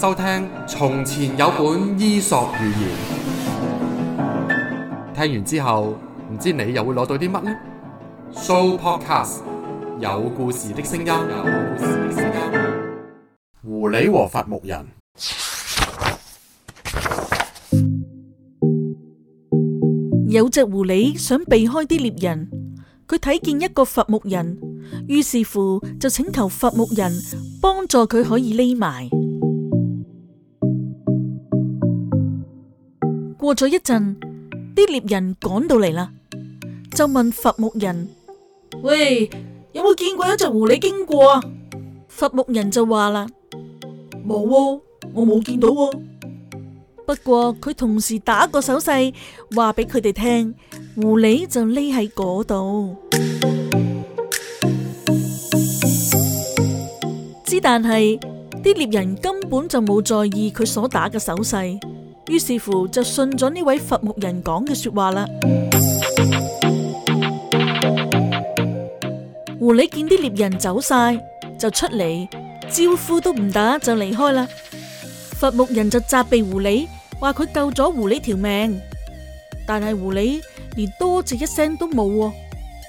收聽從前有本伊索寓言，聽完之後唔知你又會攞到啲乜呢？Sooopodcast，有故事的聲音。有故事的聲音。狐狸和伐木人。有隻狐狸想避開啲獵人，佢睇見一個伐木人，於是乎就請求伐木人幫助佢可以匿埋。過咗一陣，啲獵人趕到嚟啦，就問伐木人：喂，有冇見過一隻狐狸經過啊？伐木人就話啦：冇喎，我冇見到喎。不過佢同時打個手勢，話俾佢哋聽，狐狸就匿喺嗰度。之但係啲獵人根本就冇在意佢所打嘅手勢。於是乎就信咗呢位伐木人講嘅說話啦。狐狸見啲獵人走晒，就出嚟招呼都唔打就離開啦。伐木人就責備狐狸，話佢救咗狐狸條命，但係狐狸連多謝一聲都冇。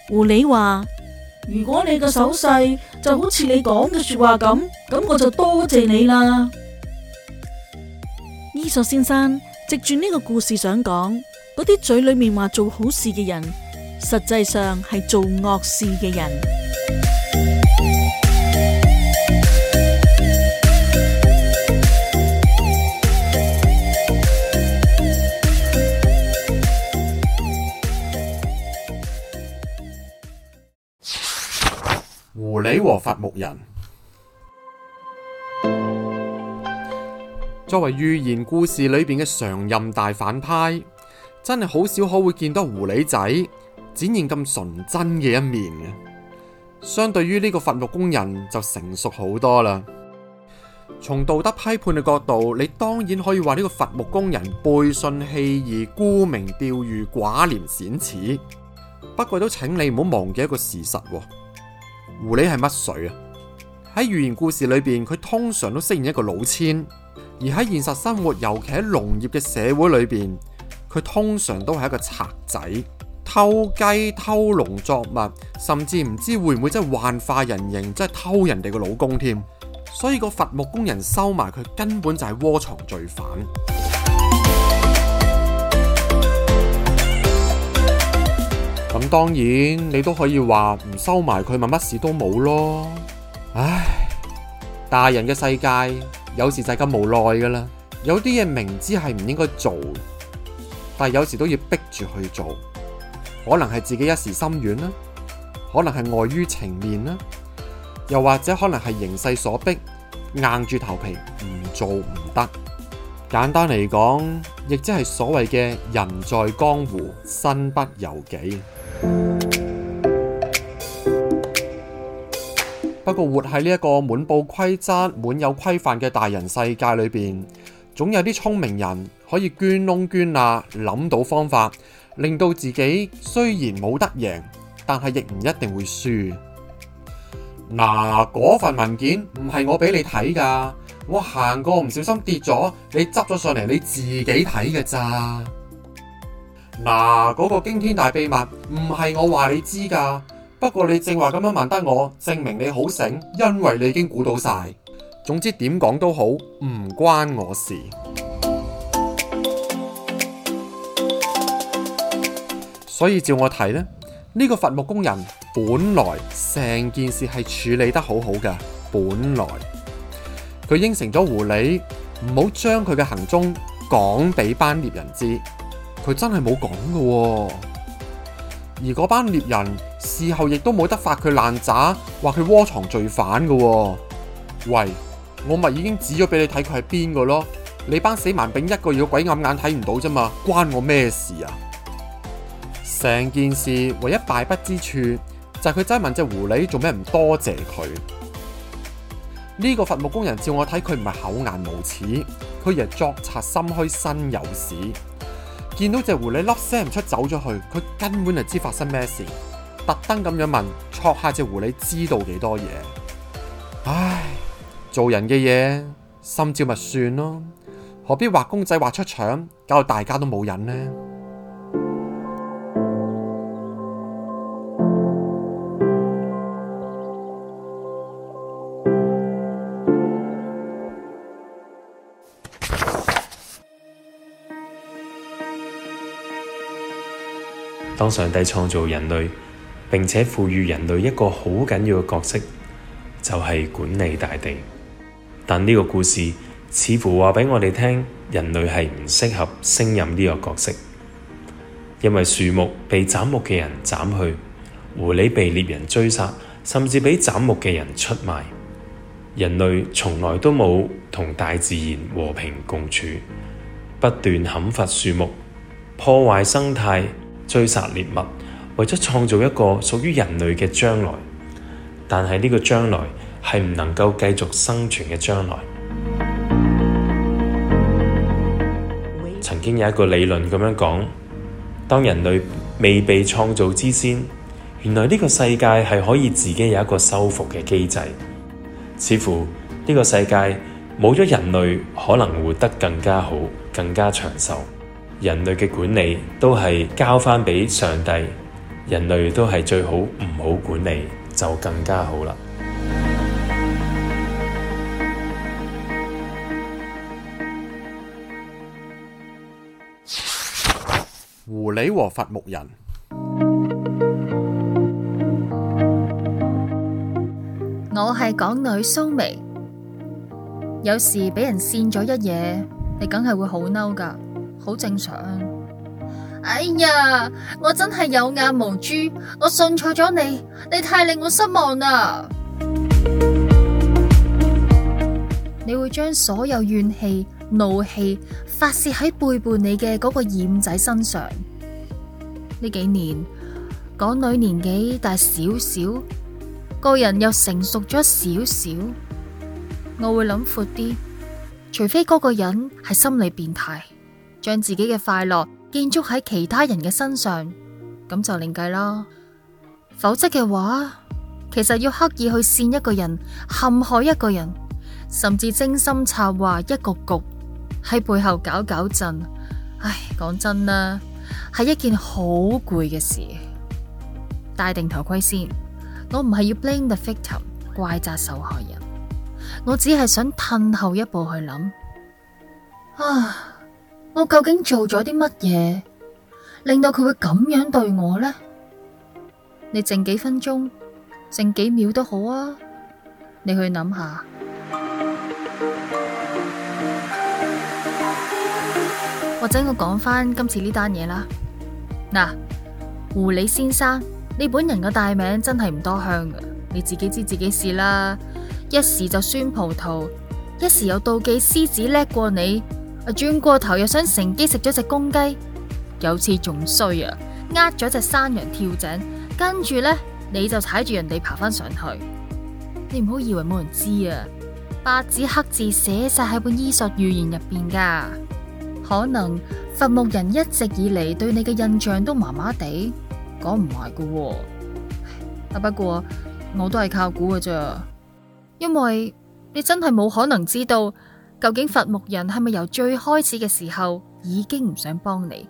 狐狸話：如果你個手勢就好似你講嘅說話咁，咁我就多謝你啦。伊索先生藉住呢個故事想講，嗰啲嘴裏面話做好事嘅人，實際上係做惡事嘅人。狐狸和伐木人。作為寓言故事裏邊嘅常任大反派，真係好少可會見到狐狸仔展現咁純真嘅一面。相對於呢個伐木工人就成熟好多啦。從道德批判嘅角度，你當然可以話呢個伐木工人背信棄義、沽名釣譽、寡廉鮮恥。不過都請你唔好忘記一個事實：狐狸係乜水啊？喺寓言故事裏邊，佢通常都飾演一個老千。而喺現實生活，尤其喺農業嘅社會裏邊，佢通常都係一個賊仔，偷雞偷農作物，甚至唔知會唔會真係幻化人形，真係偷人哋個老公添。所以個伐木工人收埋佢，根本就係窩藏罪犯。咁當然，你都可以話唔收埋佢，咪乜事都冇咯。唉。大人嘅世界有時就咁無奈噶啦，有啲嘢明知係唔應該做，但有時都要逼住去做，可能係自己一時心軟啦，可能係礙於情面啦，又或者可能係形勢所逼，硬住頭皮唔做唔得。簡單嚟講，亦即係所謂嘅人在江湖，身不由己。不過活喺呢一個滿佈規則、滿有規範嘅大人世界裏邊，總有啲聰明人可以捐窿捐罅，諗到方法，令到自己雖然冇得贏，但係亦唔一定會輸。嗱，嗰份文件唔係我俾你睇噶，我行過唔小心跌咗，你執咗上嚟你自己睇噶咋。嗱，嗰個驚天大秘密唔係我話你知噶。不過你正話咁樣問得我，我證明你好醒，因為你已經估到晒。總之點講都好，唔關我事。所以照我睇咧，呢、呢個伐木工人本來成件事係處理得好好嘅。本來佢應承咗狐狸唔好將佢嘅行蹤講俾班獵人知，佢真係冇講噶。而嗰班獵人。事後亦都冇得發佢爛渣，話佢窩藏罪犯㗎喎。喂，我咪已經指咗俾你睇佢係邊個咯。你班死萬丙一個月鬼暗眼睇唔到啫嘛，關我咩事啊？成件事唯一敗筆之處就係佢追問隻狐狸做咩唔多謝佢呢個伐木工人。照我睇，佢唔係厚顏無恥，佢而係作賊心虛，身有屎。見到隻狐狸粒聲唔出走咗去，佢根本就知發生咩事。特登咁樣問，戳下隻狐狸知道幾多嘢。唉，做人嘅嘢心照咪算咯，何必畫公仔畫出腸，搞到大家都冇癮呢？當上帝創造人類。並且賦予人類一個好緊要嘅角色，就係管理大地。但呢個故事似乎話畀我哋聽，人類係唔適合升任呢個角色，因為樹木被砍木嘅人砍去，狐狸被獵人追殺，甚至被斬木嘅人出賣。人類從來都冇同大自然和平共處，不斷砍伐樹木，破壞生態，追殺獵物。為咗創造一個屬於人類嘅將來，但係呢個將來係唔能夠繼續生存嘅將來。曾經有一個理論咁樣講，當人類未被創造之先，原來呢個世界係可以自己有一個修復嘅機制。似乎呢個世界冇咗人類，可能活得更加好，更加長壽。人類嘅管理都係交翻俾上帝。人類都係最好唔好管理，就更加好啦。狐狸和伐木人，我係港女蘇眉，有時俾人扇咗一嘢，你梗係會好嬲㗎，好正常。哎呀，我真係有眼無珠，我信錯咗你，你太令我失望啦！你會將所有怨氣、怒氣發泄喺背叛你嘅嗰個燕仔身上。呢幾年，港女年紀大少少，個人又成熟咗少少，我會諗闊啲，除非嗰個人係心理變態，將自己嘅快樂。建築喺其他人嘅身上，咁就另計啦。否則嘅話，其實要刻意去陷一個人，陷害一個人，甚至精心策劃一個局局喺背後搞搞震，唉，講真啦，係一件好攰嘅事。戴定頭盔先，我唔係要 blame the victim 怪責受害人，我只係想褪後一步去諗。啊！我究竟做咗啲乜嘢，令到佢會咁樣對我呢？你剩幾分鐘，剩幾秒都好啊，你去諗下。或者我講翻今次呢單嘢啦。嗱，狐狸先生，你本人嘅大名真係唔多香嘅，你自己知自己事啦。一時就酸葡萄，一時又妒忌獅子叻過你。轉過頭又想乘機食咗隻公雞，有次仲衰啊，呃咗隻山羊跳井，跟住呢，你就踩住人哋爬翻上去，你唔好以為冇人知啊，白紙黑字寫晒喺本伊索寓言入邊噶，可能伐木人一直以嚟對你嘅印象都麻麻地，講唔埋噶，不過我都係靠估噶咋，因為你真係冇可能知道。究竟伐木人係咪由最開始嘅時候已經唔想幫你？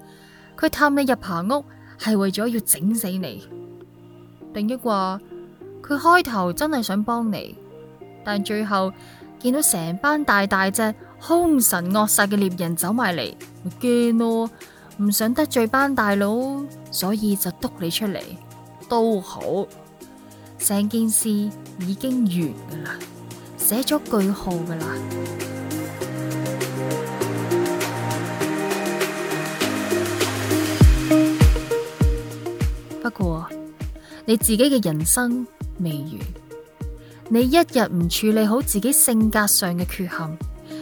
佢探你入棚屋係為咗要整死你？定抑話佢開頭真係想幫你，但最後見到成班大大隻凶神惡煞嘅獵人走埋嚟，咪驚咯，唔想得罪班大佬，所以就督你出嚟都好。成件事已經完噶啦，寫咗句號噶啦。不過你自己嘅人生未完，你一日唔處理好自己性格上嘅缺陷，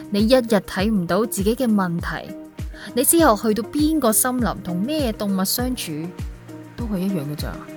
你一日睇唔到自己嘅問題，你之後去到邊個森林同咩動物相處，都係一樣嘅咋。